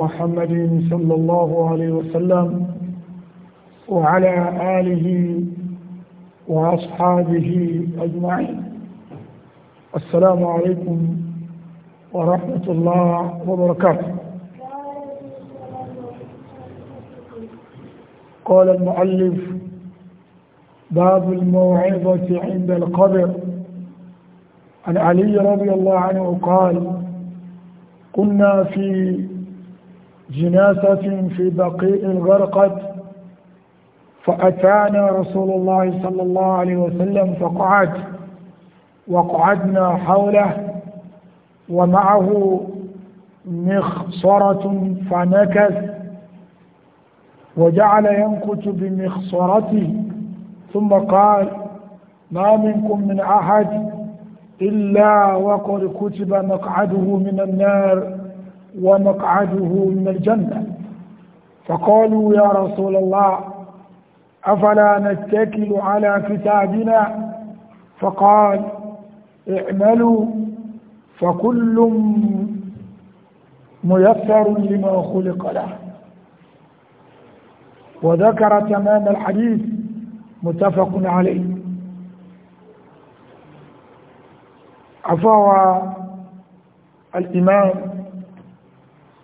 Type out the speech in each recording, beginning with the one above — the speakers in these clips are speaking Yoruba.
محمد صلى الله عليه وسلم وعلى آله وأصحابه أجمعين السلام عليكم ورحمة الله وبركاته قال المؤلف باب الموعظة عند القبر عن علي رضي الله عنه قال كنا في جنازة في بقيء غرقت فأتانا رسول الله صلى الله عليه وسلم فقعد وقعدنا حوله ومعه مخصرة فنكث وجعل ينكت بمخصرته ثم قال ما منكم من أحد إلا وقد كتب مقعده من النار ومقعده من الجنة فقالوا يا رسول الله أفلا نتكل على كتابنا فقال اعملوا فكل ميسر لما خلق له وذكر تمام الحديث متفق عليه أفوى الإمام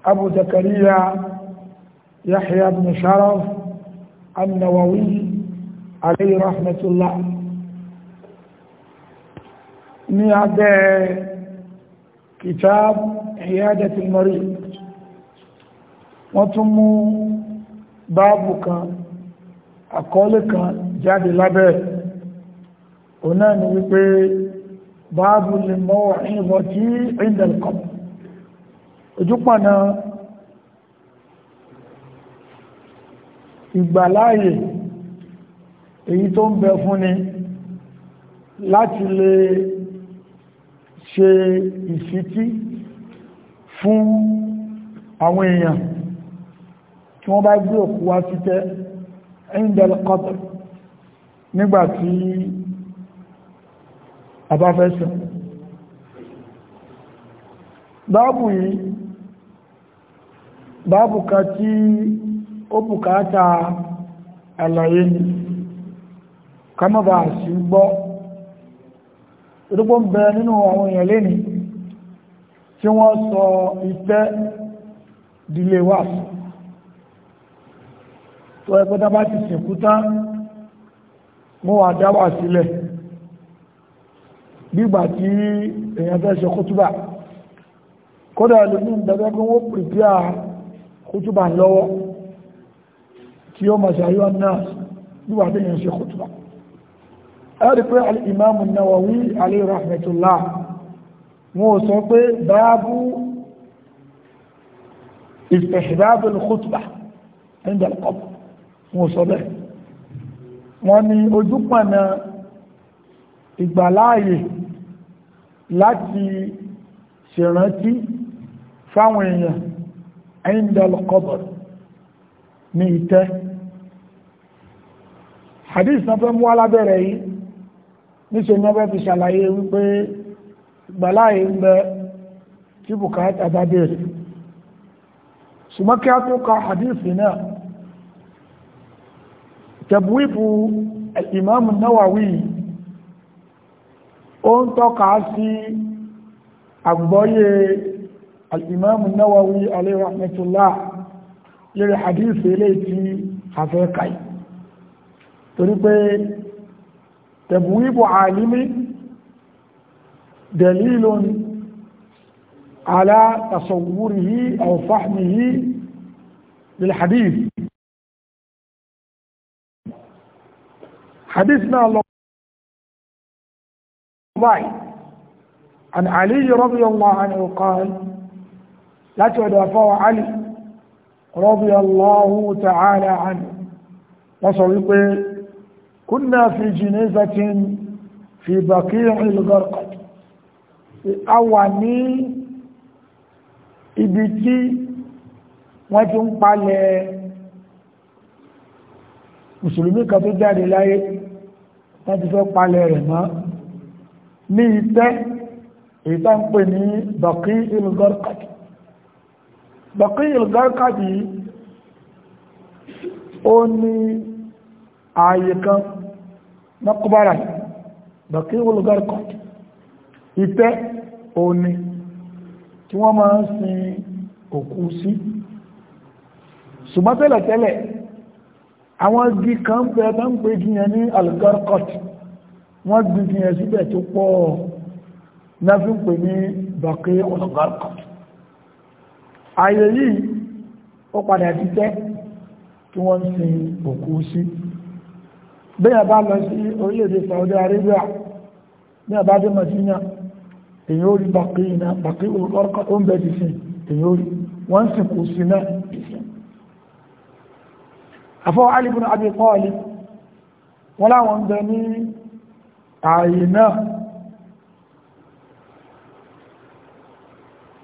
أبو زكريا يحيى بن شرف النووي عليه رحمة الله ní abẹ́ kitab ìyádẹ̀ tí mọ̀rí wọ́n tún mú báàbù kan àkọọ́lẹ̀ kan jáde lábẹ́ òun náà ni wípé báàbù lè mọ́ ìwọ̀ tí ìndẹ̀lkọ̀pù ojúpọ̀nà ìgbàláyè èyí tó ń bẹ fúnni láti lè ṣe ìfití fún àwọn èèyàn tí wọ́n bá gbé òkú wá sí tẹ́ indel qatr nígbàtí àbáfẹ́sẹ̀ báàbù yìí báàbù kan tí ó bùkátà àlàyé ni kámọ́bà sí gbọ́ ìrúgbó ń bẹ nínú àwọn èèyàn lẹ́ni tí wọ́n sọ ìfẹ́ dílé wà tó ẹgbẹ́ tá ti sìnkú tán wà dáwà sílẹ̀ gbígbà tí èèyàn fẹ́ ṣe kútúbà kódà lómi ìdájọ́ pé wọ́n pìrìpíà kútùbà lọ́wọ́ tí ó máa ṣàyọ́ náà níwà tí yẹn ṣe kútùbà ẹ̀rí pé al'imamun nawawi alayhi rahmatullah wọ́n sọ pé báábú istihdabul kútùbà inda al-qabr wọ́n láti ṣèrántí fáwọn èèyàn inda al-qabr ní ìtẹ́ hadith náà fẹ́ mú alábẹ̀rẹ̀ yìí níṣẹ́ ní ọbẹ̀ fi ṣàlàyé wípé gbàláyé ń bẹ tí bùkátà bá bèèrè ṣùgbọ́n kí a tó ka hadith náà tẹ̀bùwíbù al-imam an-Nawawi ó ń tọ́ka sí àgbọ́yé الإمام النووي عليه رحمة الله للحديث إليه إليتي حفيقي تريد تبويب عالم دليل على تصوره أو فهمه للحديث حديثنا الله عن علي رضي الله عنه قال láti ọ̀dọ̀ àfọwà alì radiyallahu ta'ala anhu wọ́n sọ wípé kúnnà fi jinazatin fi baqi'il gharqad a wà ní ibi tí wọ́n ti ń palẹ̀ mùsùlùmí kan tó jáde láyé wọ́n ti fẹ́ palẹ̀ rẹ̀ mọ́ ní ìtẹ́ èyí ń pè ní baqi'il gharqad Baqi al-Gharqadi ó ní ààyè kan mọ́kúbára Baqi al-Gharqadi ìtẹ́ òní tí wọ́n máa ń sin òkú sí ṣùgbọ́n tẹ́lẹ̀tẹ́lẹ̀ àwọn igi kan bẹ̀rẹ̀ tó ń pè jìyàn ní al wọ́n gbìyàn síbẹ̀ tó pọ̀ náà fi ń pè ní Baqi al ààyè yìí ó padà ti jẹ́ tí wọ́n ń sin òkú sí bẹ́ẹ̀ bá lọ sí orílẹ̀-èdè Saudi Arabia ní àbájẹ́ Madina èyí ó rí bàkí iná bàkí olùkọ́ tó ń bẹ ti sin èyí ó rí wọ́n sì kú sí náà àfọ́ alìbùn abẹ́kọ́ọ̀lì wọ́n láwọn ń bẹ ní ààyè náà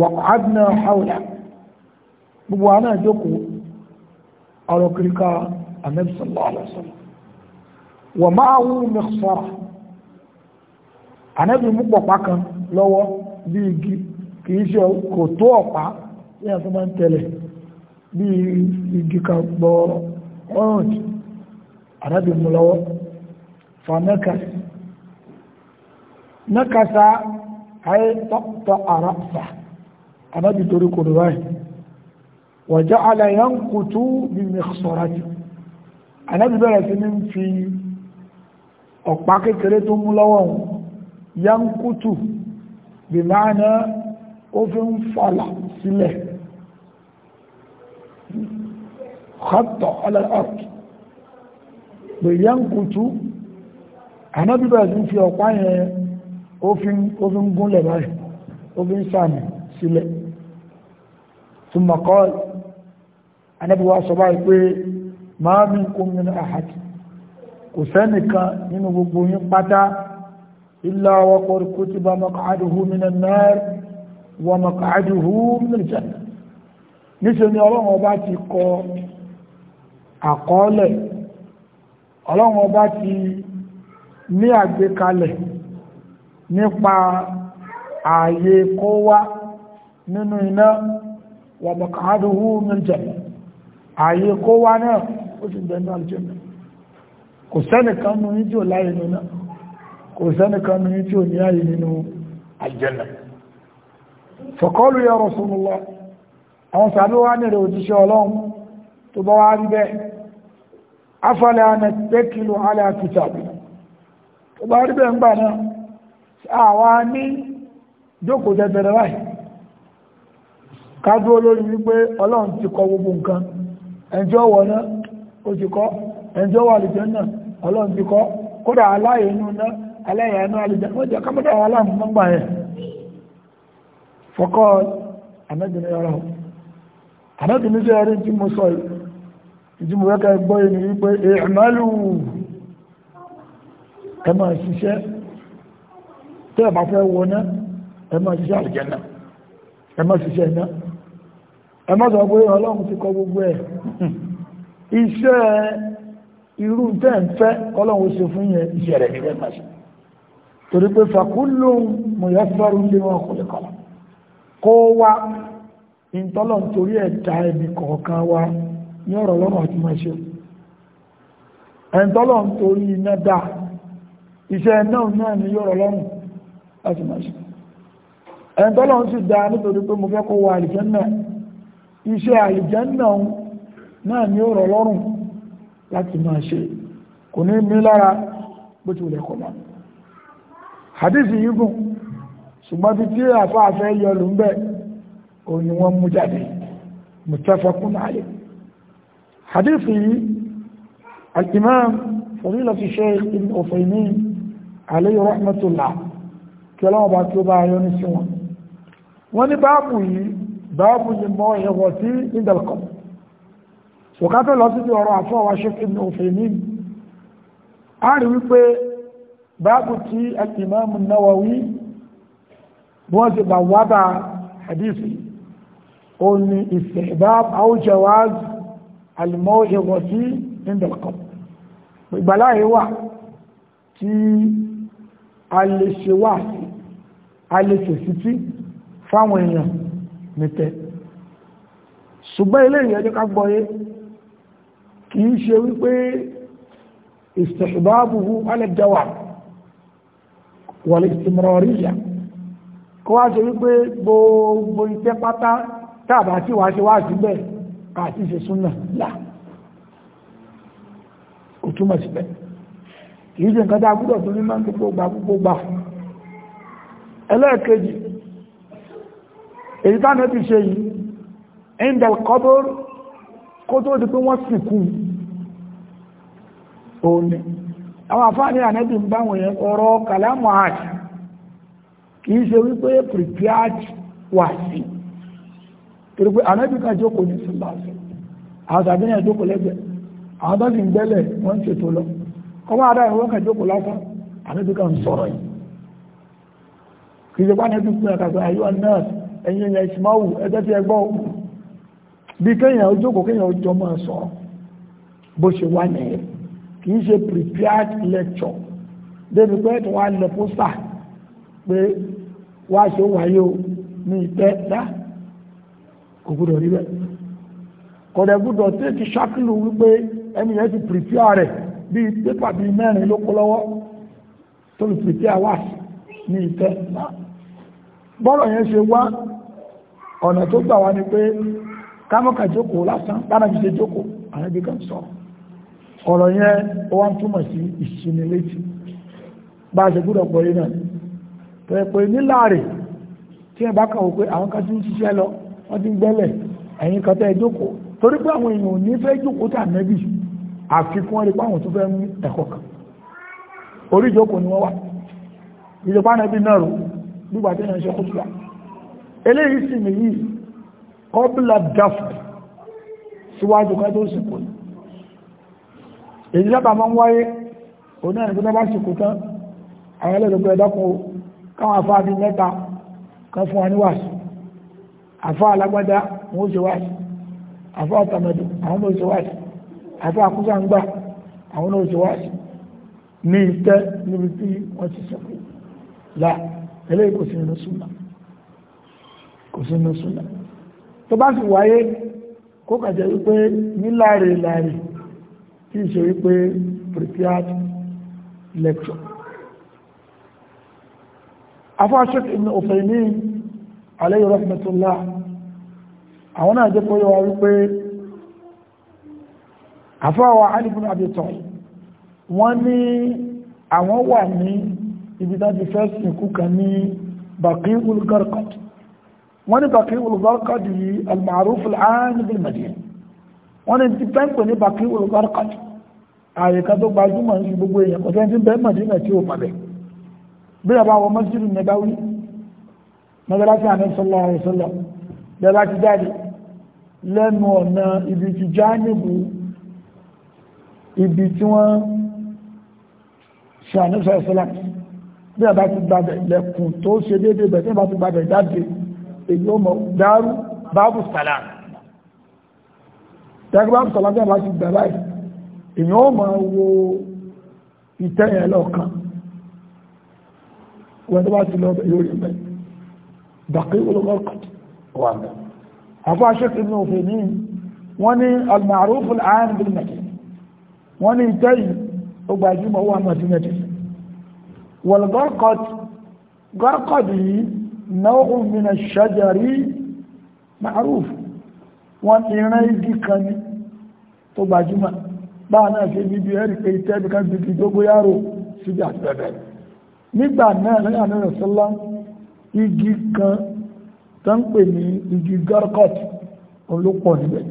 wàkàdínà hàwùlà gbogbo àná àjókòó ọ̀rọ̀ kìríkà anabi sallallahu alaihi wasallam wa ma'ahu mikhsara anabi mú pọ̀pá kan lọ́wọ́ bí igi kìí ṣe kò tó ọ̀pá ní àti máa ń tẹ̀lẹ̀ bí igi kan gbọ́ọ̀rọ̀ orange anabi mú lọ́wọ́ fa nakasa nakasa ayé tọ́tọ̀ àrà sáà anábì torí kò rẹ̀ báyìí wa ja'ala yankutu bi mikhsarati anábì bẹ̀rẹ̀ sí ní fi ọ̀pá kékeré tó mú lọ́wọ́ yankutu bi ma'na ó fi ń fàlà sílẹ̀ khatta ala al-ard pé yankutu anábì bẹ̀rẹ̀ sí fi ọ̀pá yẹn ó fi ń gúnlẹ̀ báyìí ó fi ń sàmì sílẹ̀ ثم قال أنا بوا صباحي بي ما منكم من أحد كسانك من بقوين قطع إلا وقر كتب مقعده من النار ومقعده من الجنة níṣẹ́ ni ọlọ́run ọba ti kọ àkọọ́lẹ̀ ọlọ́run ọba ti ní àgbékalẹ̀ nípa ààyè wa maq'aduhu min al-jannah ààyè kó wá náà ó sì bẹ̀rẹ̀ náà al-jannah kò sẹ́nìkan mú ní tí ò láyé nínú kò sẹ́nìkan mú ní tí ò ní ààyè nínú al ya Rasulullah àwọn sàbí wá nílẹ̀ òjíṣẹ́ ọlọ́run tó bá wá rí bẹ́ẹ̀ afala nattakilu ala kitabina tó bá rí bẹ́ẹ̀ ń gbà náà àwa ní jókòó tẹ́tẹ̀rẹ̀ báyìí kádúró lórí wípé ọlọ́run ti kọ gbogbo nǹkan ẹjọ́ wọ̀ná ó ti kọ́ ẹjọ́ wà lùjẹ́ náà ọlọ́run ti kọ́ kódà aláyè inú náà aláyè inú alùjẹ́ wọ́n jẹ́ kámọ́dà aláàmù mọ́gbà yẹn fọ́kọ́ anábìnrin ọ̀rọ̀ anábìnrin jẹ́ ẹrí tí mo ṣiṣẹ́ tẹ́ ẹmọ́sọ̀ pé ọlọ́run ti kọ gbogbo ẹ̀ iṣẹ́ irú tẹ́ ń fẹ́ ọlọ́run ṣe fún yẹn iṣẹ́ rẹ̀ nílẹ̀ máa ṣe torí pé fàkúlù mọ̀yá fẹ́rù lé wọn kò lè kọ́lá kó wá ìtọ́lọ̀ torí ẹ̀ ẹbí kọ̀ọ̀kan wá ní ọ̀rọ̀ lọ́rọ̀ àti máa ṣe ẹ̀ntọ́lọ̀ torí iná dá iṣẹ́ náà náà ní máa ṣe ẹ̀ntọ́lọ̀ sì dá nítorí pé mo fẹ́ kó wá àlìfẹ́ náà iṣẹ́ àlìjánà náà ni ó rọ̀ lọ́rùn láti máa ṣe kò ní mí lára bó ti wùlẹ̀ kọ̀ máa hadithi yìí gùn ṣùgbọ́n bí tí àfáàfẹ́ yọ lù ń bẹ́ o ni wọ́n mú jáde muttafaqun alayh hadithi yìí al-imam fadilati shaykh ibn Uthaymin rahmatullah kí ọlọ́wọ́ bá tí bá yọ ní sí wọn wọ́n ní báàbù yìí báàbù ni mọ́ ẹ̀wọ̀ tí nídẹ̀lkọ̀ ṣòkátọ̀ lọ sí ọ̀rọ̀ àfọwà Sheikh Ibn Uthaymeen a rí wípé báàbù tí al-Imam an-Nawawi wọ́n ti bà wábà hadithi ó ní istihbab aw jawaz al-mọ́ ẹ̀wọ̀ tí nítẹ́ ṣùgbọ́n ilé ìyẹjọ́ ká gbọ́yé kì í ṣe wípé istihbabuhu ala al-jawab wal-istimrariya kó wá ṣe wípé gbogbo ìtẹ́ pátá tàbà tí wá ṣe wá síbẹ̀ àti ṣe súnà là kò túmọ̀ síbẹ̀ kì í ṣe nǹkan tá gbúdọ̀ tó ní èyí tánà ti ṣe yìí indal qabr kó tó di pé wọ́n sìnkú òní àwọn àfáàní ànẹ́bì ń báwọn yẹn ọ̀rọ̀ kàlámù àti kìí ṣe wípé prepared wà sí torí pé ànẹ́bì kan jókòó ní sílọ́sì àwọn tàbí náà jókòó lẹ́gbẹ̀ẹ́ àwọn tó sì ń gbẹ́lẹ̀ wọ́n ń ṣètò lọ kọ́ máa dá ìwọ́n kan jókòó lásán ànẹ́bì kan sọ̀rọ̀ yìí kìí ṣe pé ànẹ́bì pín ọ̀tàgbẹ́ ayé wọn nọ́ọ̀sì ẹ̀yìn ẹ̀yà ìsìmáwù ẹgbẹ́ tí ẹgbọ́ bí kéèyàn ojókòó kéèyàn ojọ máa sọ bó ṣe wá nìyẹn kì í ṣe prepared lecture débi pé tó wá lẹ pósà pé wá ṣe ó wáyé o ní ìtẹ́ dá kò gbúdọ̀ rí bẹ́ẹ̀ kọ̀dẹ̀ gbúdọ̀ tí ti ṣákìlù wípé ẹni yẹn ti prepare rẹ̀ bíi pépà bíi mẹ́rin ló kó lọ́wọ́ tó lè prepare wá ní ìtẹ́ dá bọ́rọ̀ yẹn ṣe wá ọ̀nà tó gbà wá ní pé kámọ́kà jókòó lásán tánàbí ṣe jókòó àrẹ́bí kan sọ ọ̀rọ̀ yẹn ó wá ń túmọ̀ sí ìṣinilétí bá a ṣe gbúdọ̀ pọ̀ yìí náà tó yẹ pé níláàrè tí ẹ bá kàwọ́ pé àwọn kan ti ń ṣiṣẹ́ lọ wọ́n ti ń gbẹ́lẹ̀ ẹ̀yìn kan tẹ́ jókòó torí pé àwọn èèyàn ní fẹ́ jókòó tà nẹ́bì àfikún ẹ̀rí pàwọn tó fẹ́ mú ẹ̀kọ́ kan orí ìjókòó ni wọ́n wà ìjọba nẹ́bì náà rò nígbà tí èèyàn ṣe kó eléyìí sì ní yìí kọ́bílà dáfù síwájú ká tó sìnkú èyí lábà máa ń wáyé òní ẹni tó bá sìnkú tán àwọn ẹlẹ́dọ̀gbọ̀ ẹ̀dọ́kùn káwọn afá bí mẹ́ta kan fún wa ní wàásù afá alágbádá wọn ó ṣe wáásù afá ọ̀tàmẹ̀dù àwọn ó ṣe wáásù afá akúsàǹgbà àwọn ó ṣe wáásù ní ìtẹ́ níbi tí wọ́n ti sìnkú là eléyìí kò sí nínú súnmọ́ kò sínú súnà tó bá sì wáyé kó kàjẹ́ wípé ní láàrè láàrè tí ìṣe wípé prepared lecture afọ́ṣẹ́kì ibn òfèní alayhi rahmatullah àwọn náà jẹ́ kó yọ wá wípé àfọ́wà alìbùn àbìtọ̀ wọ́n ní àwọn wà ní ibi tàbí fẹ́ sìnkú kan ní bakíwul garkot wọ́n ní bàkí olùbárkàdì yìí almaruf al'an bil madina wọ́n ní ti pẹ́ǹpẹ́ ní bàkí olùbárkàdì ààyè kan tó gbajúmọ̀ ní gbogbo èèyàn kò sẹ́ni tí bẹ́ẹ̀ madina tí ó pàbẹ̀ bí ọba wọ masjidu nabawi mọ́sálásí àmì sọlọ àrùn sọlọ bẹ́ẹ̀ bá ti jáde lẹ́nu ọ̀nà ibi ti já ibi tí wọ́n ṣe àmì sọlọ bí ọba ti gbàbẹ̀ lẹ́kùn tó ṣe déédéé bẹ̀ tí wọ́n bá ti gbàbẹ̀ jáde èyí ó mọ̀ dárú báàbù sàlá tẹ́gbẹ́ báàbù sàlá bí àbá ti gbà báyìí èyí ó mọ̀ wo ìtẹ́yẹ̀ lọ́ọ̀kan wọ́n tó bá ti lọ bẹ̀ lórí bẹ̀ bàkí olókọ́kọ́ wà bẹ̀ àfọ́ aṣọ́kì ní náà min ash-shajari ma'ruf wọ́n ti rán igi kan ní tó gbajúmọ̀ báà náà ṣe bíbí ẹ̀rì pé ìtẹ́bí kan bíbí tó gbóyàrò síbi àti bẹ̀bẹ̀ nígbà náà lẹ́yìn àná rẹ̀sọ́lá igi kan tó ń pè ní igi garcot olópọ̀ níbẹ̀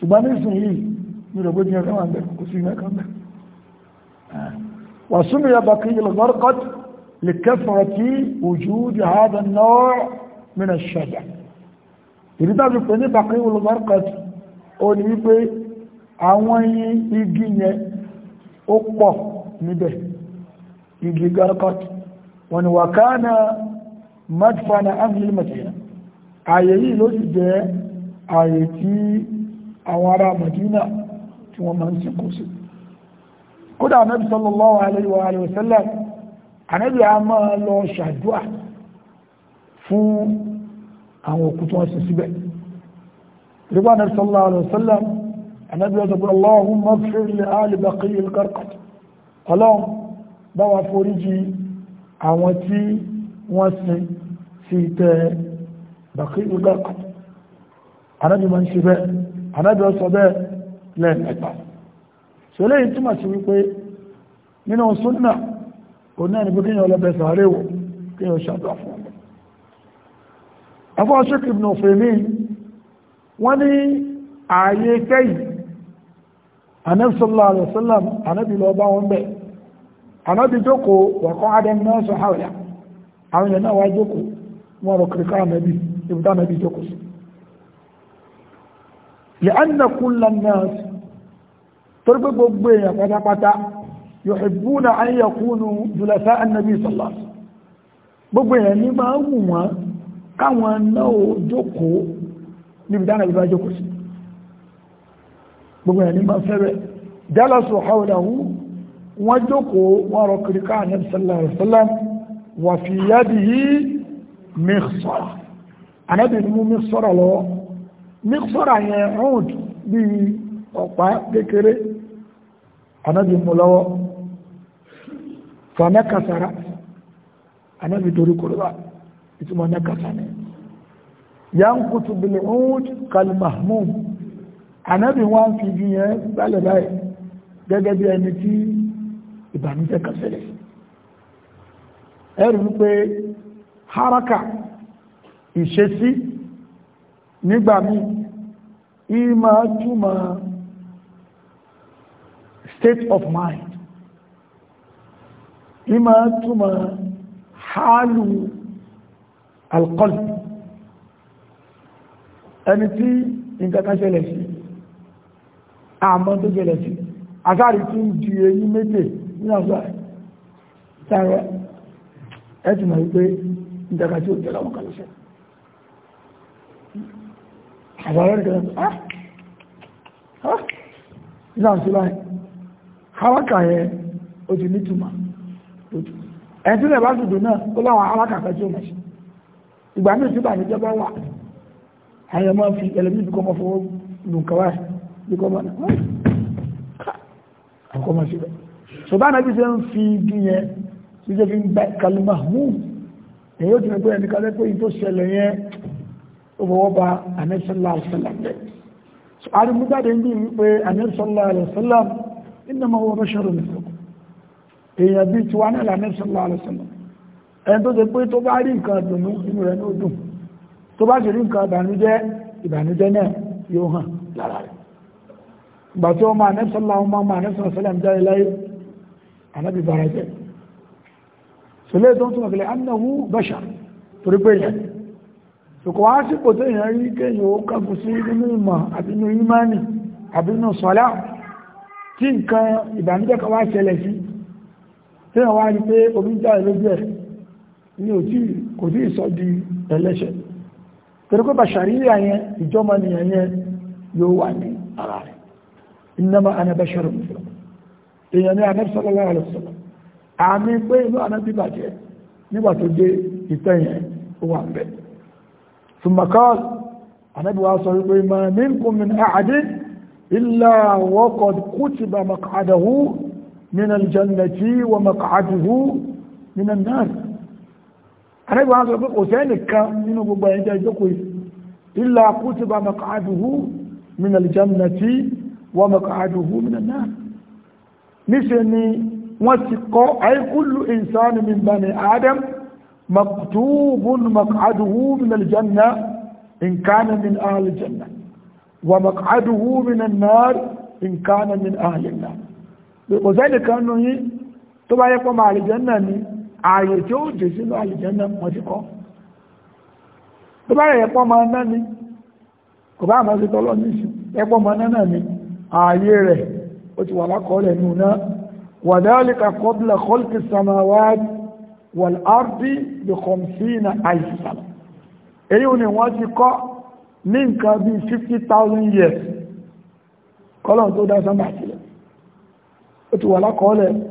ṣùgbọ́n nísìnyí mi rò bójú ẹ̀rọ wà ń bẹ̀ kò sí mẹ́kan bẹ̀ wàsúmi yabakí ilẹ̀ garcot لكثرة وجود هذا النوع من الشجر ìdí tàbí pé ní bàkí olùmọ́rùkọ̀tì ó ní wípé àwọn igi yẹn ó pọ̀ níbẹ̀ igi gọ́rùkọ̀tì wọ́n ni wàkánà madfana amhil madina ààyè yìí ló sì jẹ́ ààyè tí àwọn ará madina tí wọ́n máa ń sìnkú sí kódà nabi sallallahu alaihi wa sallam ànábì a máa lọ ṣàdúà fún àwọn òkú tí wọ́n sin síbẹ̀ rígbà náà sallallahu alaihi wasallam ànábì ọ̀sọ̀ pé Allahumma ighfir li ali Baqiy al-Qarqad ọlọ́run bá wa foríjì àwọn tí wọ́n sin sí tẹ Baqiy al-Qarqad ànábì máa ń ṣe bẹ́ẹ̀ ànábì sí wípé nínú sunnah òun náà ni pé kíyàn lọ bẹ sàárè wò kíyàn ṣàdọ̀ fún ọmọ afọ́ ṣékì ibn Uthaymeen wọ́n ní ààyè kẹ́yì Ànábì sallallahu alaihi wasallam Ànábì lọ bá wọn bẹ̀ Ànábì jókòó wọ̀kọ́ adam náà sọ hàwẹ̀ àwọn èèyàn náà wá jókòó wọn rọ kìrìkà Ànábì ibùdó Ànábì jókòó sí lẹ́ànnà kúnlẹ̀ náà torí pé gbogbo èèyàn pátápátá yòhìbúnà ayẹkúnù jùlẹ̀fẹ́ annabi sọ̀lá gbogbo èèyàn ní máa wù wọ́n káwọn náà jókòó níbi dára ìbá jókòó sí gbogbo èèyàn ní máa fẹ́rẹ̀ jálọ́sù haúdáwú wọ́n jókòó wọ́n rọ kìríká annabi sallallahu alaihi wasallam wà fi yadihi mìsọ́rà anábì mú mìsọ́rà lọ mìsọ́rà yẹn rúd bí ọ̀pá kékeré anábì mú lọ́wọ́ fàmẹ́ kasara anábì dorí kòrò ìtumọ̀ náà kasa ni yankutu bil ud kal mahmum anábì wọn fi ju yẹn gbálẹ̀ báyìí gẹ́gẹ́ bí ẹni tí ìbànújẹ́ kásẹ̀lẹ̀ ẹ̀rù wípé haraka ìṣesí nígbà míì ìmá túmọ̀ state of mind ní máa túnmọ̀ hálù alkọ́lù ẹni tí nǹkan kan ṣẹlẹ̀ sí àmọ́ tó ṣẹlẹ̀ sí àsáàrí tí ń di èyí méjì ní àwọn sáàrẹ ẹ̀tùmọ̀ wípé nǹkan kan tí ó jẹ́lọ́wọ́ kan lọ́sẹ̀ àwọn sílá haraka yẹn ó ti nítumọ̀ ẹ̀sí rẹ̀ bá dùdù náà ó láwọn alákàfẹ́ tí ó mọ̀ sí ìgbà míì tí bàmí jẹ́ bá wà àyẹ̀ máa fi ẹlẹ́mí bí kọ́mọ fọwọ́ lù kọ́wá bí kọ́mọ náà àwọn kọ́mọ sí rẹ̀ so bá nàbí ṣe ń fi bí yẹn tí ṣe fi ń bẹ kalima mú èyí ó ti rẹ̀ pé ẹni èèyàn bí tiwa náà lànà ìṣẹ́lá àlọ́sọ̀lá ẹni tó ṣe pé tó bá rí nǹkan dùnú inú rẹ̀ ló dùn tó bá sì rí nǹkan ìbànújẹ́ ìbànújẹ́ náà yóò hàn lára rẹ̀ ìgbà tí ọmọ ànẹ́sọ̀lá ọmọ ọmọ ànẹ́sọ̀lá sẹ́lẹ̀ ń jáde láyé ànábì bára jẹ́ sọlẹ́ tó ń túnmọ̀ sílẹ̀ annahu bashar torí pé yẹn ṣùkọ́ wá sípò tó yẹn rí kéyìn ó kàkù sí nínú ìmọ̀ àbí nínú ìmánì àbí nínú sọ́lá tí nǹkan ìbànújẹ́ kan wá ṣẹlẹ̀ sí tí wọ́n wá rí pé omi já ìlójú ẹ̀ ní òtí kò tí ìsọ di ẹlẹ́ṣẹ̀ torí pé bàṣàríyà yẹn ìjọmọ nìyàn yẹn yóò wà ní ara rẹ̀ innama ana basharun mithlukum èèyàn ní Ànábì sallallahu alaihi wasallam àmì pé inú Ànábì bàjẹ́ nígbà tó dé ìtẹ́ yẹn من الجنة ومقعده من النار أنا عز وجل أسألك من أبو يجوكي إلا كتب مقعده من الجنة ومقعده من النار نسني وثق أي كل إنسان من بني آدم مكتوب مقعده من الجنة إن كان من أهل الجنة ومقعده من النار إن كان من أهل النار kò sẹ́ni kan nú yín tó bá yẹ pọ́ máa àlìjẹ́nà ni ààyè tí ó jù sínú àlìjẹ́nà wọ́n ti kọ́ tó bá yẹ pọ́ máa ná ni kò bá àmọ́ sí tọ́lọ́ ní ìṣù ẹpọ́ máa ná náà ni ààyè rẹ̀ ó ti wà lákọọ́lẹ̀ 50,000 years kọ́lọ̀ tó dá وتولى قول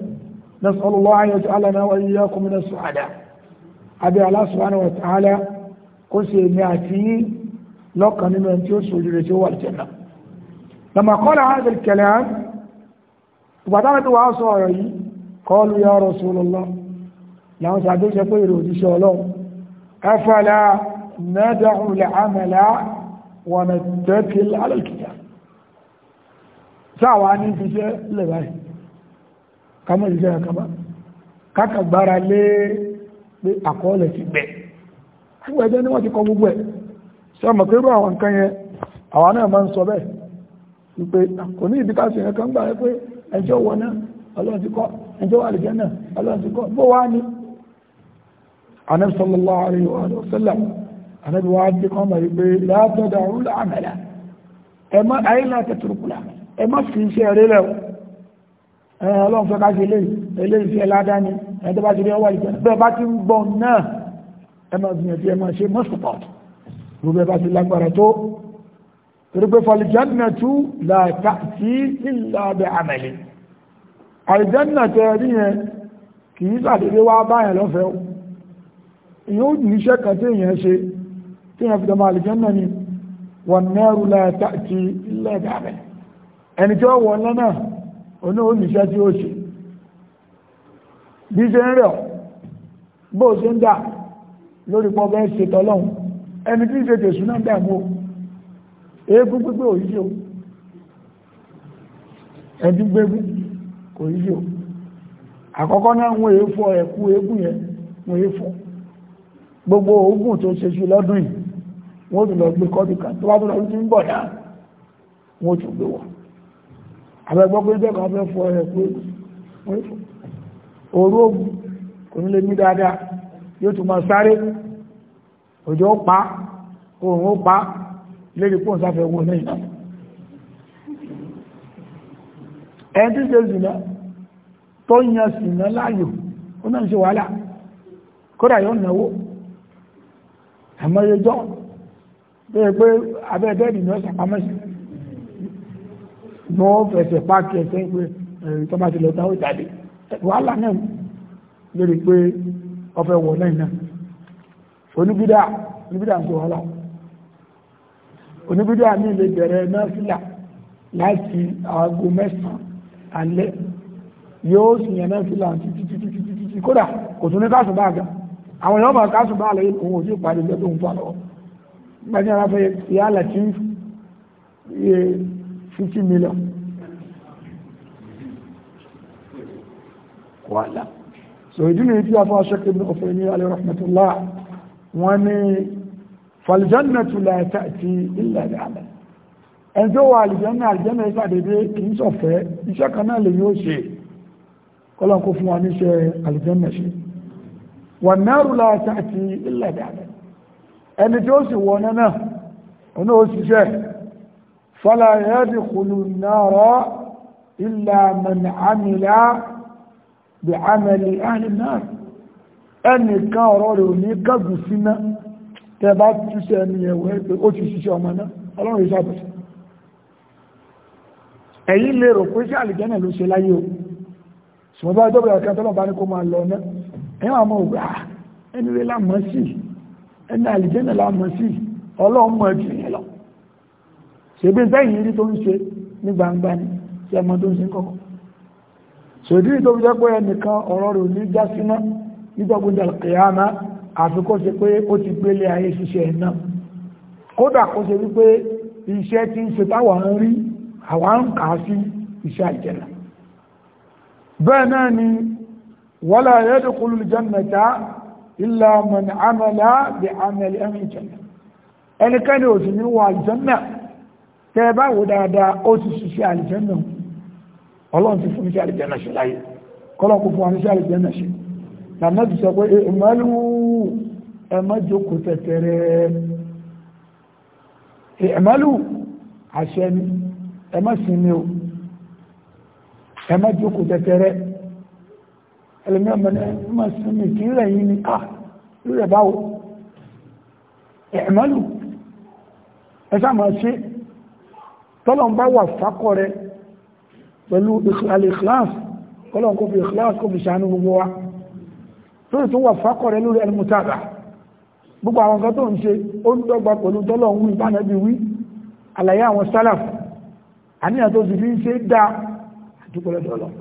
نسأل الله أن يجعلنا وإياكم من السعداء أبي الله سبحانه وتعالى قل سيمياتي لقى من أن تيوسوا لرجوة الجنة لما قال هذا الكلام وبعد أن دعا صاري قالوا يا رسول الله لأنه سعدين شبيره دي شوالو أفلا ندع العمل ونتكل على الكتاب ساواني في شيء لبعيد kámọ́ ìṣẹ́ àkàmá kákàgbára lé pé àkọọ́lẹ̀ ti bẹ̀ fúgbẹ̀jẹ́ ni wọ́n ti kọ gbogbo ẹ̀ sọ mọ̀ pé irú àwọn nǹkan yẹn àwọn náà máa ń sọ bẹ́ẹ̀ wípé kò ní ìdíkà sí ẹ̀kan gbà pé ẹjọ́ wọ náà ọlọ́run ti kọ́ ẹjọ́ wà lìjẹ́ náà ọlọ́run ti kọ́ bó wá ní anabi sallallahu alayhi ọlọ́run fẹ́ ká ṣe eléyìí eléyìí fi ẹládá ni ẹni tó bá ṣe rí ọwọ́ ìjọ bẹ́ẹ̀ bá ti ń gbọ́ náà ẹ máa gbìyànjú ẹ máa ṣe mọ́sùpọ̀t gbogbo ẹ bá ti lágbára tó torí pé fọlìjánà tú làtà sí ìlà ọbẹ̀ àmẹ̀lẹ̀ àìjánà tẹ rí yẹn kì kan tí èèyàn ṣe tí èèyàn fi dọ́mọ àlìjánà ni wọ̀n náà rú làtà sí ìlà ọbẹ̀ ẹni tí ó wọ̀ ọ́ oníwò níṣẹ́ tí ó ṣe bí ṣe ń rẹ̀ bó ṣe ń dà lórí pọ́bẹ́ ṣe tọ́lọ́hun ẹni tí ṣe tèṣù náà o eégún pípé òyíṣẹ́ o ẹni gbégún kò yíṣẹ́ o àkọ́kọ́ náà wọ́n èé fọ ẹ̀kú eégún yẹn wọ́n èé fọ gbogbo ogun tó ṣe ṣe lọ́dún yìí wọ́n tún lọ gbé kọ́dùkà tó bá tó lọ sí ń bọ̀ dáa wọ́n tún gbé wọ́n àbẹ̀gbọ́ pé jẹ́ kan fẹ́ fọ ẹ̀ pé òru ògùn kò ní lè mí dáadáa yóò tún máa sáré òjò ó pa oòrùn ó pa lérí pọ́n sáfẹ́ owó náà ẹni tí ṣe zùnà tó yan sùnà láàyò ó náà ń ṣe wàhálà kódà yóò náwó àmọ́ ẹjọ́ bẹ́ẹ̀ pé abẹ́ẹ̀bẹ́ẹ̀ nìyọ́ sàpamọ́sí ní wọ́n fẹsẹ̀ páàkì ẹsẹ̀ pé ẹ̀rí tó bá ti lọ dáwọ́ ìtàdé wàhálà náà lórí pé ọfẹ́ wọ̀ náà náà oníbídà oníbídà ń sọ wàhálà oníbídà ní ilé bẹ̀rẹ̀ náfìlà láti aago mẹ́sàn-án alẹ́ yóò sì yẹn náfìlà títí kódà kò tún ní káàsùn bá ga àwọn èèyàn máa káàsùn bá àlẹ́ òun ò sí ìpàdé ìjọ ń fa lọ́wọ́ nígbà tí tí ń fi 50 eh, million wàhálà so ìdí nìyí tí a fọ́ aṣọ́kẹ́ ibn Uthaymin alayhi rahmatullah wọ́n ní faljannatu la ta'ti illa bi'amal ẹni tó wà àlìjánà àlìjánà ìsàdédé kì í sọ̀fẹ́ iṣẹ́ kan náà lè yóò ṣe kọ́lọ̀ kó fún wa níṣẹ́ àlìjánà ṣe wan naru la ta'ti illa bi'amal ẹni tí sì wọ náà ọ̀nà ó ṣiṣẹ́ fala yadkhulu an-nara illa man amila bí àmẹ́lì ẹnìkan ọ̀rọ̀ rẹ̀ ọmọ ẹ̀yìn lè rò pé sí àlìjẹ́nà ṣe láyé o ṣùgbọ́n bá jọ́bẹ̀ ọ̀kẹ́ bá ní kó máa lọ náà ẹ̀yìn àmọ́ ògbà lámọ́ sí ẹni àlìjẹ́nà lámọ́ sí sòdí tó fi jẹ́ pé ẹnìkan ọ̀rọ̀ rẹ̀ ní jásíná nígbàgbọ́n alkiyama àfikọ́ ṣe pé ó ti gbélé ayé ṣiṣẹ́ iná kódà kó ṣe wípé iṣẹ́ tí ń ṣe táwà ń rí àwa ń kà á sí iṣẹ́ àjẹ́nà bẹ́ẹ̀ náà ni wala yadkhulul jannata illa man amala bi amali ahli jannah ẹnikẹ́ni ò ní wọ àlìjẹ́nà tẹ́ bá wò dáadáa ó ti ṣiṣẹ́ àlìjẹ́nà ọlọ́run ti fún iṣẹ́ àlìjẹ́nà ṣe láyé kọ́lọ́kù fún àwọn iṣẹ́ àlìjẹ́nà ṣe lànà ti sọ pé ìmọ̀lú ẹmọ́jòkó tẹ̀tẹ̀rẹ̀ ìmọ̀lú àṣẹ ni ẹmọ́sinmi o ẹmọ́jòkó tẹ̀tẹ̀rẹ̀ ẹlẹ́mọ́sinmi kí rẹ̀ yìí ni à ah, rírẹ̀ báwo ìmọ̀lú ẹsà pẹ̀lú al-ikhlas kọ́lọ̀n kó fi ikhlas kó fi ṣàánú gbogbo wa tó sì tún wà fákọ̀ rẹ lórí al-mutaba'ah gbogbo àwọn kan tó ń ṣe ó ń dọ́gba pẹ̀lú tọ́lọ̀ wí ìbánẹ́bí wí àlàyé àwọn sálàf àníyàn tó sì fi ń ṣe dá àdúgbọ́lẹ́dọ̀ ọlọ́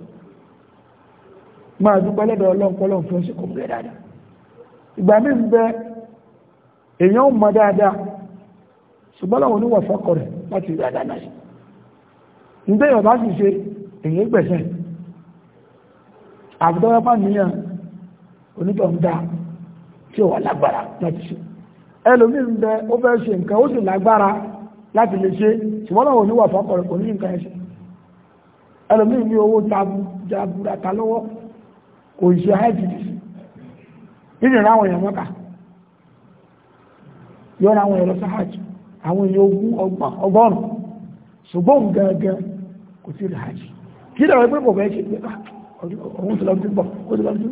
máa dúgbọ́lẹ́dọ̀ ọlọ́ kọ́lọ̀ fún ṣe kò gbé dáadáa bá sì ṣe èyí gbẹ̀ṣẹ̀ àbúdọ́wọ́ pàmìyàn onítọ̀ ń dá tí ó wà láti ṣe ẹlòmí bẹ ó fẹ́ ṣe nǹkan ó sì láti lè ṣe ṣùgbọ́n àwọn oníwà fọ́kọ̀rẹ̀ ní nǹkan ní owó jaburata lọ́wọ́ kò ṣe àwọn èèyàn àwọn èèyàn hajj àwọn èèyàn ṣùgbọ́n gẹ́gẹ́ kò kí lẹ́wọ́ pé kò fẹ́ ṣe pé ah, ọdún tó lọ sí pọ̀ ó ti lọ sí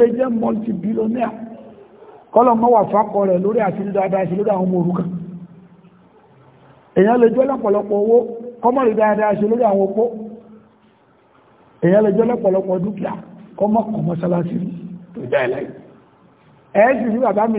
lè jẹ́ multi-billionaire kọ́lọ̀ mọ́ wà fákọ rẹ̀ lórí àti dáadáa ṣe lórí àwọn ọmọ òrukàn èèyàn lè jẹ́ lọ́pọ̀lọpọ̀ owó kọ́mọ̀ rí dáadáa ṣe lórí àwọn opó èèyàn lè jẹ́ lọ́pọ̀lọpọ̀ dúkìá kọ́mọ̀ kọ̀mọ̀ sálásí tó dá ẹ̀ láì ẹ̀ẹ́sì sí bàbá mi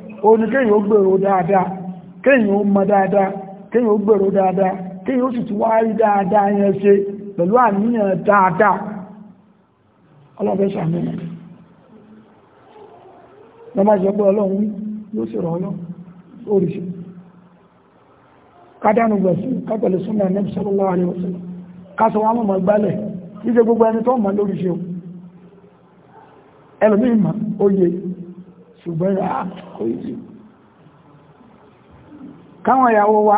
òun ni kéyìn ó gbèrò dáadáa kéyìn ó mọ dáadáa kéyìn ó gbèrò dáadáa kéyìn ó sì tún wáyé dáadáa yẹn ṣe pẹ̀lú àníyàn dáadáa ọlọ́fẹ́ sàmìnà lọ́mọ ìṣẹ́ ọlọ́run yóò sì rọ̀ ọlọ́run kádánù gbẹ̀sí kápẹ̀lẹ̀ súnmọ̀ ẹ̀nẹ́ sọ́lọ́lọ́ àríwọ̀sílẹ̀ ṣùgbọ́n yà kò ìjì káwọn ìyàwó wa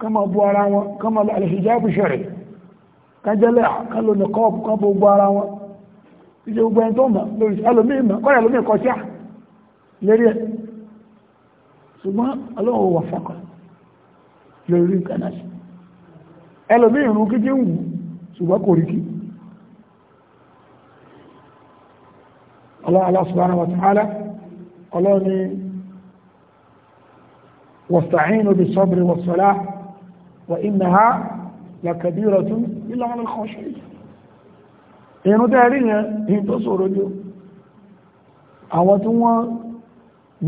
kọmọ bú ara wọn kọmọ alìṣìjáàbù ṣẹ̀rẹ̀ kájẹ́lẹ̀ kálò ka ka kọ́ tíà Allah subhanahu wa ọlọ́ni wasta'inu bis-sabri was-salah wa innaha lakabiratun illa 'ala al-khashi'in inú tẹ́rí yẹn in tó sọ̀rọ̀ jù àwọn tí wọ́n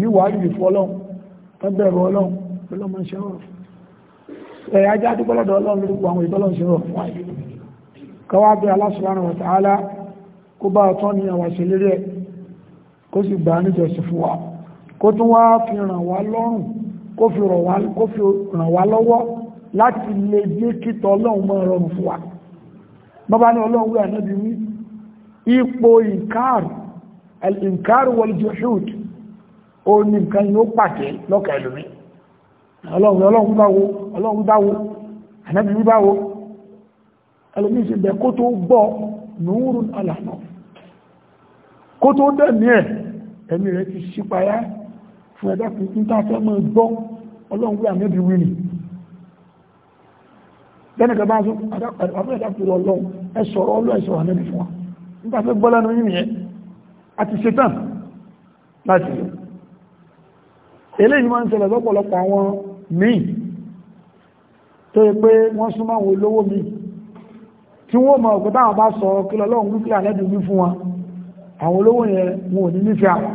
yíwá yìí fọ́lọ́n tẹ́bẹ̀rọ ọlọ́n ọlọ́mọ ṣẹ́rọ̀ ẹ̀yà ajá tó pẹ́lọ́dọ̀ kó sì gbà níjọsìn fún wa kó tún wá fi ràn wá lọ́rùn kó fi ràn wá lọ́wọ́ láti lè jẹ́ kíta ọlọ́run mọ́ rọrùn fún wa bàbá ní ọlọ́run wí ànábi wí ipò ìkáàrù al-inkar wal-juhud ó ní nǹkan yóò pàtẹ lọ́kà ẹlòmí ọlọ́run báwo ọlọ́run báwo ànábi wí báwo ẹlòmí sì bẹ̀ kó tó gbọ́ nùúrùn alàmọ́ kó tó dẹ̀mí ẹ̀ ẹ̀mí rẹ̀ ti ṣípayá fún ẹ̀dá tuntun tá a fẹ́ mọ́ gbọ́ ọlọ́run wí àmẹ́bí wí nì lẹ́nìkan bá sọ àfẹ́ ẹ̀dá tuntun ọlọ́run ẹ sọ̀rọ̀ ọlọ́run ẹ sọ̀rọ̀ àmẹ́bí fún wa nígbà fẹ́ gbọ́ lẹ́nu yìí nìyẹn a ti ṣetán láti lọ eléyìí máa ń ṣẹlẹ̀ lọ́pọ̀lọpọ̀ àwọn míì tó yẹ pé wọ́n súnmọ́ àwọn olówó míì tí wọ́n mọ̀ òkúta àwọn bá sọ kí lọ́lọ́run wípé àlẹ́dùn wí fún wa àwọn olówó yẹn wọn ò ní nífẹ̀ẹ́ àwọn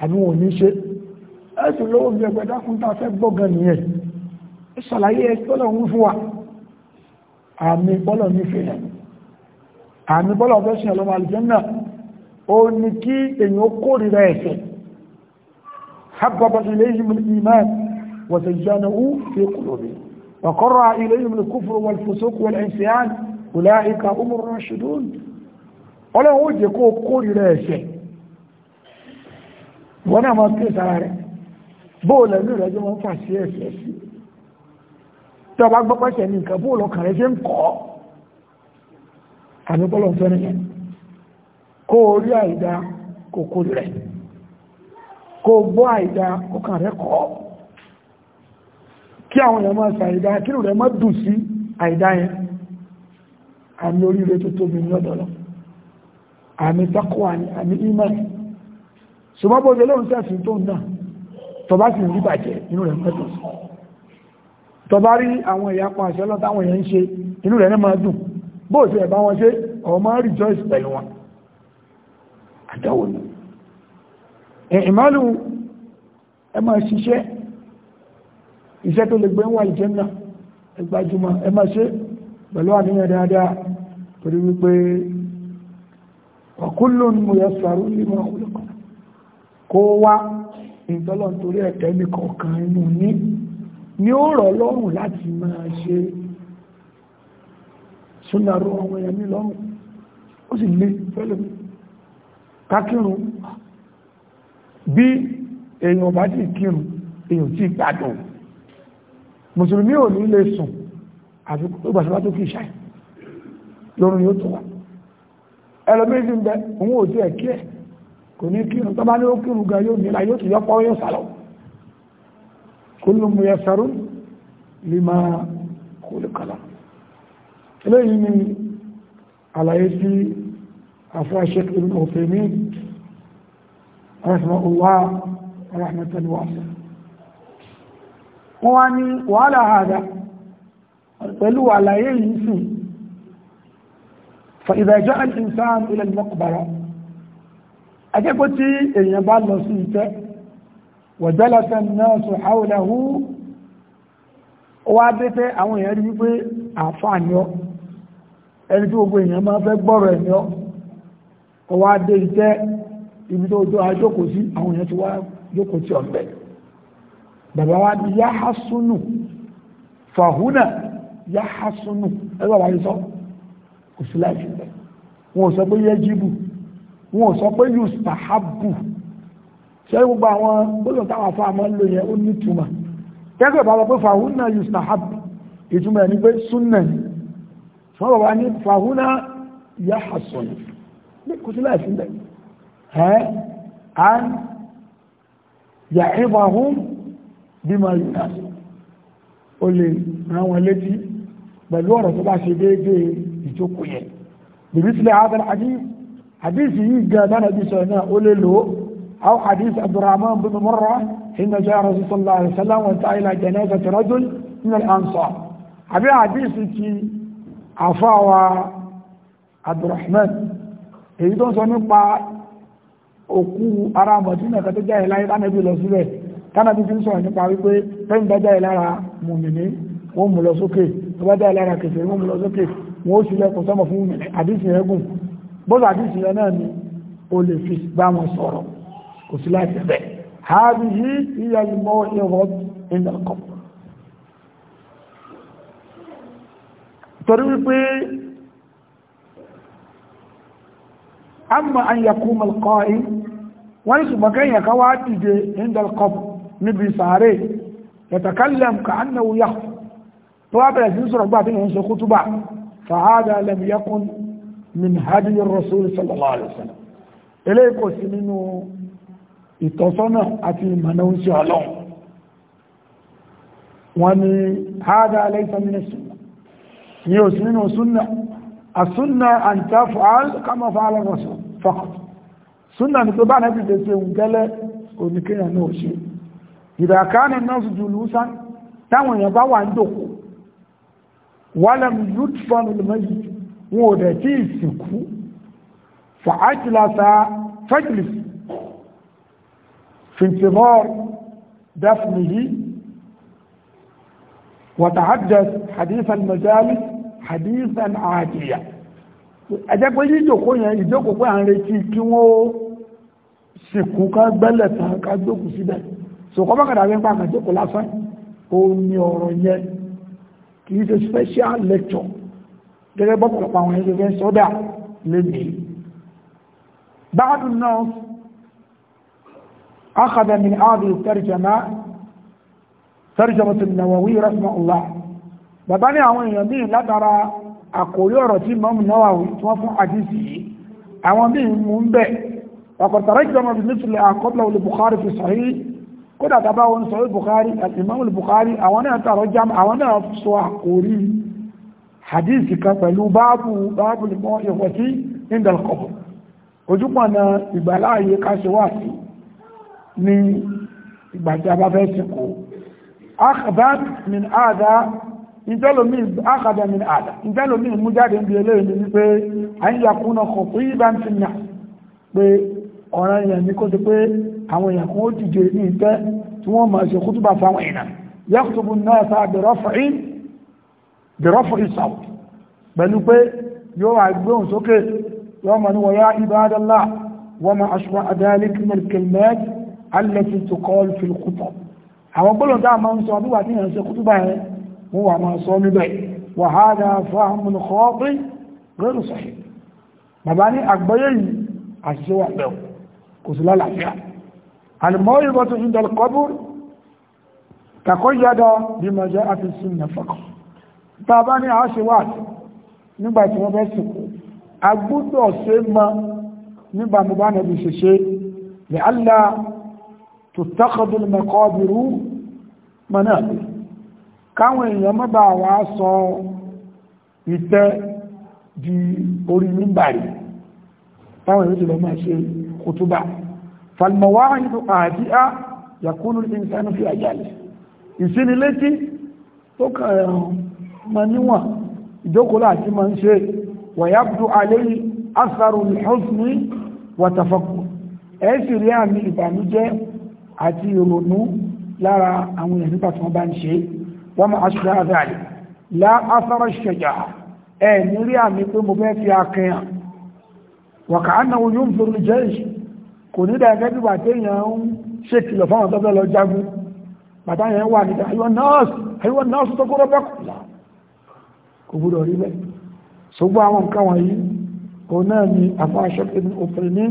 àbí wọn ò ní ṣe ẹ̀sì olówó bí ẹgbẹ́ dákun tá a fẹ́ gbọ́gan nìyẹn ó ṣàlàyé ẹ ń fún wa àmì bọ́lọ̀ nífẹ̀ẹ́ yẹn àmì bọ́lọ̀ fẹ́ sìn ọlọ́mọ ó ní kí èèyàn kórìíra ẹ̀ṣẹ̀ حبب إليهم الإيمان وزينه في قلوبهم وقرأ إليهم الكفر والفسوق والعصيان أولئك هم الراشدون ọlọ́run ó jẹ́ kó kórìíra ẹ̀ṣẹ̀ wọ́n náà máa kí sára rẹ̀ bóò lẹ́nu ìrẹ́jọ́ wọn fà sí ẹ̀ṣẹ̀ sí tí ọba gbọ́pẹ́sẹ̀ ní nǹkan bóò lọ́kàn rẹ̀ ṣe ń kọ́ àmì bọ́lọ̀ fẹ́rẹ̀ yẹn kó orí àìdá kò kórìíra kó gbọ́ àìdá kó kàn rẹ̀ kọ́ kí àwọn tó tóbi lọ́dọ̀ọ́lọ́ àmì takwa ni àmì iman ṣùgbọ́n bó jẹ́ lóun sẹ́sìn tó náà tọba sì rí bàjẹ́ inú rẹ̀ mẹ́tọ̀ sí tọba rí àwọn ẹ̀yà pa àṣẹ lọ́ta àwọn èèyàn ń ṣe inú rẹ̀ náà máa dùn bó ṣe ẹ̀bá wọn ṣe ọmọ rejoice pẹ̀lú wọn àdáwò ni ìmọ̀lù ẹ máa ṣiṣẹ́ iṣẹ́ tó lè gbé ń wà ìjẹ́ náà ẹgbàjúmọ̀ ẹ máa ṣe pẹ̀lú àníyàn dáadáa torí wípé ọ̀kúnlò ní mọ̀yẹ́sàrú límọ̀ ọ̀pọ̀lọpọ̀ kó wá ìtọ́lọ̀ torí ẹ̀tẹ́ ní kọ̀ọ̀kan inú ní ní ó rọ̀ lọ́rùn láti máa ṣe súnarú ọmọ ẹ̀mí lọ́rùn ó sì lé fẹ́lẹ̀ kákírun bí èèyàn bá ti kírun èèyàn tí gbádùn mùsùlùmí ò ní lè sùn àti ó gbàṣọ́lá tó kìí ṣáì lórun yóò tó wà ẹlòmísì ń bẹ òun ò tí ẹ̀ kí ẹ̀ kò ní kírun tó bá ní ó kírun gan yóò nílá yóò tún yọpọ̀ yóò sálọ kullu muyassarun lima khuliqa lahu eléyìí ni àlàyé sí àfúráṣẹ́ pẹ̀lú àlàyé yìí sùn فإذا جاء الإنسان إلى المقبرة أجبتي إن يبال لسيته وجلس الناس حوله وعدته أو يريد أفانيو ẹni tí gbogbo èèyàn máa fẹ́ gbọ́rọ̀ ẹ̀mí ọ́ ọwọ́ adé ìtẹ́ ibi tó jọ àjókòó sí àwọn èèyàn ti wá jókòó tí ọ̀bẹ̀ bàbá wa ni yáhásúnù fàhúnà yáhásúnù ẹgbẹ́ wa ni sọ́ọ́ kò sí láìsí bẹ́ẹ̀ wọn ò sọ pé yẹ́jìbù wọn ò sọ pé yustahabu ṣe gbogbo àwọn gbọ́dọ̀ táwọn afọ àmọ́ ń lò yẹn ó ní ìtumọ̀ kẹ́kọ̀ọ́ bá lọ pé fàhúnà yustahabu ìtumọ̀ ẹni pé súnà ni sọ́rọ̀ wá ní fàhúnà yá àsọ̀nà kò sí láìsí bẹ́ẹ̀ ẹ́ à ń yà ìbàhún bí máa yù náà ó lè ràn wọn létí pẹ̀lú ọ̀rọ̀ tó bá ṣe déédéé ìjókòó yẹn bìbí sílẹ̀ abel hadith hadith yìí gan náà bí sọ náà ó lè lò ó àwọn hadith abdulrahman bin murra hinna jẹ́ arasu sallallahu alayhi wa sallam wọn ta ilà jẹ́nẹ́sà tí rajul nínú ansar àbí hadith ti àfáwà abdulrahman èyí tó ń sọ nípa òkú ara mọ̀dínà kan tó jáyẹ láyé tánàbí lọ sílẹ̀ tánàbí fi ń sọ̀rọ̀ nípa wípé pẹ́yìn bá lára mùmìnì wọ́n mú lọ sókè tó bá jáyẹ lára kèfèrí wọ́n mú lọ sókè wọ́n ó sílẹ̀kùn sọ́mọ̀ fún àdísì ẹgùn bọ́lá àdísì ẹ náà ni o lè fi bá wọn sọ̀rọ̀ kò sí láti bẹ̀ hàbí yí ìyá ìmọ̀ ìrọ̀ ìnàkọ̀ torí wípé amma an yakuma alqa'im wani ṣùgbọ́n kẹ́yìn ká wá dìde ìndàkọ̀ níbi sàárè yatakallam ka annahu yàkù فهذا لم يكن من هدي الرسول صلى الله عليه وسلم eléyìí kò sí nínú ìtọ́sọ́nà àti ìmọ̀nà oúnjẹ ọlọ́run wọn ni hádá aláìsàmínà súnnà ní òsì nínú súnnà a súnnà an taf'al kama fa'ala rasul faqat súnnà ní tó bá náà fìdè sí ohun gẹ́lẹ́ oníkẹ́yà náà ṣe ìdàkánà náà jùlúsán táwọn èèyàn bá wà ń dòkó wàlẹ̀m yúdfọ́nù lẹ́yìn wọn ò dẹ̀ tí ì sìnkú fàájìláta fẹ́jìlìs fìntìmọ́r dáfnìyí wàtàhàdàs hadithan majalis hadithan àdìyà ẹjẹ́ pé yíjòkó yẹn ìjókòó pé à ń retí kí wọ́n sìnkú ká gbẹ́lẹ̀ tán ká gbókù síbẹ̀ sòkọ́ bọ́kàdà wípé àkàjókòó lásán ó ní ọ̀rọ̀ yẹn kìí ṣe special lecture gẹ́gẹ́ bọ́pọ̀lọpọ̀ àwọn ẹgbẹ́ fẹ́ sọ́dá lẹ́nì báàdùn náà akadami ààbì tẹ́rìjẹmá tẹ́rìjẹmọ́tì Nawawi rahimahullah bàbá ní àwọn èèyàn míì látara àkórí ọ̀rọ̀ tí mọ́mù Nawawi tí wọ́n fún àdísì yìí àwọn míì mú ń bẹ̀ ọ̀kọ̀tàrẹ́jẹmọ́ bí nítorí àkọ́bla olùbùkárì fi sahih kódà tàbá wọn sọ Bukhari al-Imam Bukhari àwọn náà tààrọ jam àwọn náà sọ àkórí hadith kan pẹ̀lú báàbù báàbù lè mọ́ ìwọ̀tí indalkọ̀bù ojúpọ̀nà ìgbàláàyè káṣíwáàsí ní ìgbàjá bá fẹ́ sínkú akhadha min àdá ìjọ́lómí akhadha min àdá ìjọ́lómí mú ọ̀ràn èèyàn ní kó ti pé àwọn èèyàn kan ó dìde ní ìtẹ́ tí wọ́n máa ṣe kútùbà fáwọn èèyàn yẹ́kùtùbù náà sá bẹ̀rọ̀fọ̀ ìsàwọ̀ pẹ̀lú pé yóò wà gbóhùn sókè yóò mọ̀ ní wọ́n yá ibadallah wọ́n ma aṣọ adáyálẹ́kì mẹ́rìkẹ̀lẹ́t alẹ́kì tó kọ́ọ̀lù fi kútọ̀ àwọn gbọ́lọ̀ tá a máa ń sọ ní àgbọ́yẹ̀ yìí kò sí lálàáfíà àlùmọ́ ìbọn tó fi dọ̀lù kọ́bùrù kàkọ́ yàdọ̀ bí mo jẹ́ àti sùn nàfàkọ́ tá a bá ní àwọn ṣe wà nígbà tí wọ́n bẹ́ sìnkú a ṣe mọ nígbà mo bá nàbí ṣe ṣe lè allah tó tàkàdùn mẹ́kọ́ bìrú mọ́ náà káwọn èèyàn má bàa wá sọ ìtẹ́ di orí nígbà táwọn èèyàn ti lọ máa ṣe kútúbà falmọ̀wáhìnú àti á yàkúnú ìsánú fi àjálẹ̀ ìsínilétí tó kàrán ma níwọ̀n ìjókòlá àti ma ń ṣe wàyábùtú aléyí asàrù ìhọ́sùnmí wàtàfàkù ẹ̀ẹ́sì rí àmì ìbànújẹ́ àti ìrònú lára àwọn èèyàn nípa tí wọ́n bá ń ṣe wọ́n ma aṣọ àdáàlẹ̀ láásàrà ṣẹjà ẹ̀ ní rí àmì pé mo fẹ́ fi akẹyàn wàkà ánàwó yóò fèrè jẹ́ kò ní dáadẹ́ bí wàtí èèyàn ń ṣe kìlọ̀ fáwọn tó fẹ́ lọ jagun bàtà yẹn wà nígbà àyíwọ̀ nọ́ọ̀sì àyíwọ̀ nọ́ọ̀sì tó kúrò bọ́kùnlá kò gbúdọ̀ ni àwọn aṣọ́pẹ́ òfin ní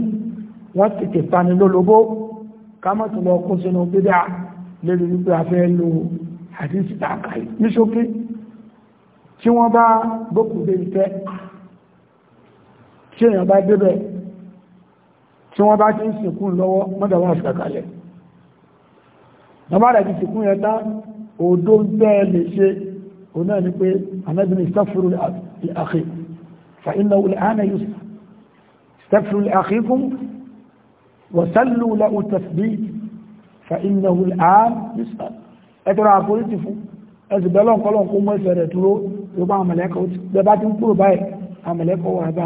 wọ́n ti kẹta ní lólobó ká má tún lọ kó sínú bídà lérí wípé a fẹ́ lo àdísí tàkàì tí wọ́n bá gbókùnlé ìfẹ́ tí èèyàn bá débẹ̀ tí wọ́n bá ti ń sìnkú lọ́wọ́ mọ́dà wọn ṣàkàlẹ̀ lọ́bàdà ti sìnkú yẹn tán òdo bẹ́ẹ̀ lè ṣe òun náà ni pé anábìnrin istaghfiru li akhi fa ina wule ana yusra istaghfiru li akhikum wa sallu lahu tabi fa ina wule ana yusra ẹ̀tọ́rọ àforíjì fún ẹ̀sì bẹ́lọ̀ kọ́lọ̀n kó mọ́ ẹ̀sẹ̀ dúró tó bá àmàlẹ́kọ̀ọ́ bẹ́ẹ̀ bá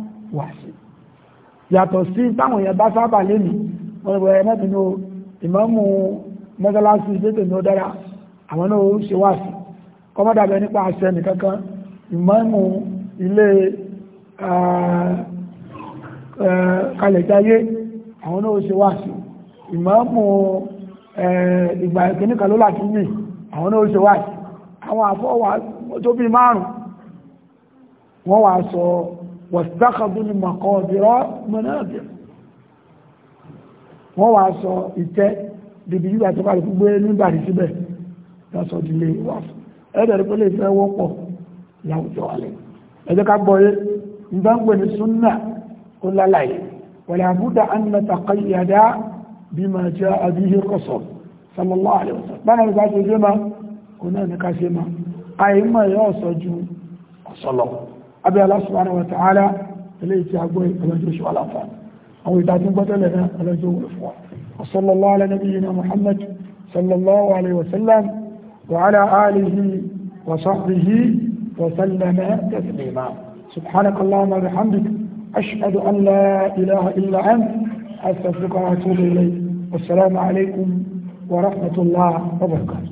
wà sí yàtọ̀ sí táwọn èèyàn bá sábà lémi wọ́n rẹ̀ ẹ̀ mẹ́tìnú ìmáàmù mọ́sálásí ìgbésẹ̀ ní ó dára àwọn náà ó ṣe wà sí kọmọ́dàbẹ̀ nípa àṣẹ nìkankan ìmáàmù ilé kalẹ̀jáyé àwọn náà ó ṣe wà sí ìmáàmù ìgbà ìkíníkà ló láti mì àwọn náà ó ṣe wà sí àwọn àfọwà tó bí márùn-ún wọ́n wà sọ wọ̀sítákàdún ni mọ̀kọ́dìrọ́ mọ́nàdìr wọ́n wá sọ ìtẹ́ dìbì yíwà tó kàrí fún gbé nígbà rí síbẹ̀ lọ́sọ̀ ìdílé wà fún ẹ̀dẹ̀rẹ̀ pé lè fẹ́ wọ́pọ̀ láwùjọ wà lẹ́yìn ẹjọ́ ká gbọ́ yé nǹkan pè ní súnà ó lálàyé wọ̀lẹ̀ àbúdà an na أبي الله سبحانه وتعالى ليس يقول الجيش والأطفال أو إذا تنبت لنا الجو والأفواه وصلى الله على نبينا محمد صلى الله عليه وسلم وعلى آله وصحبه وسلم تسليما سبحانك اللهم وبحمدك أشهد أن لا إله إلا أنت أستغفرك وأتوب إليك والسلام عليكم ورحمة الله وبركاته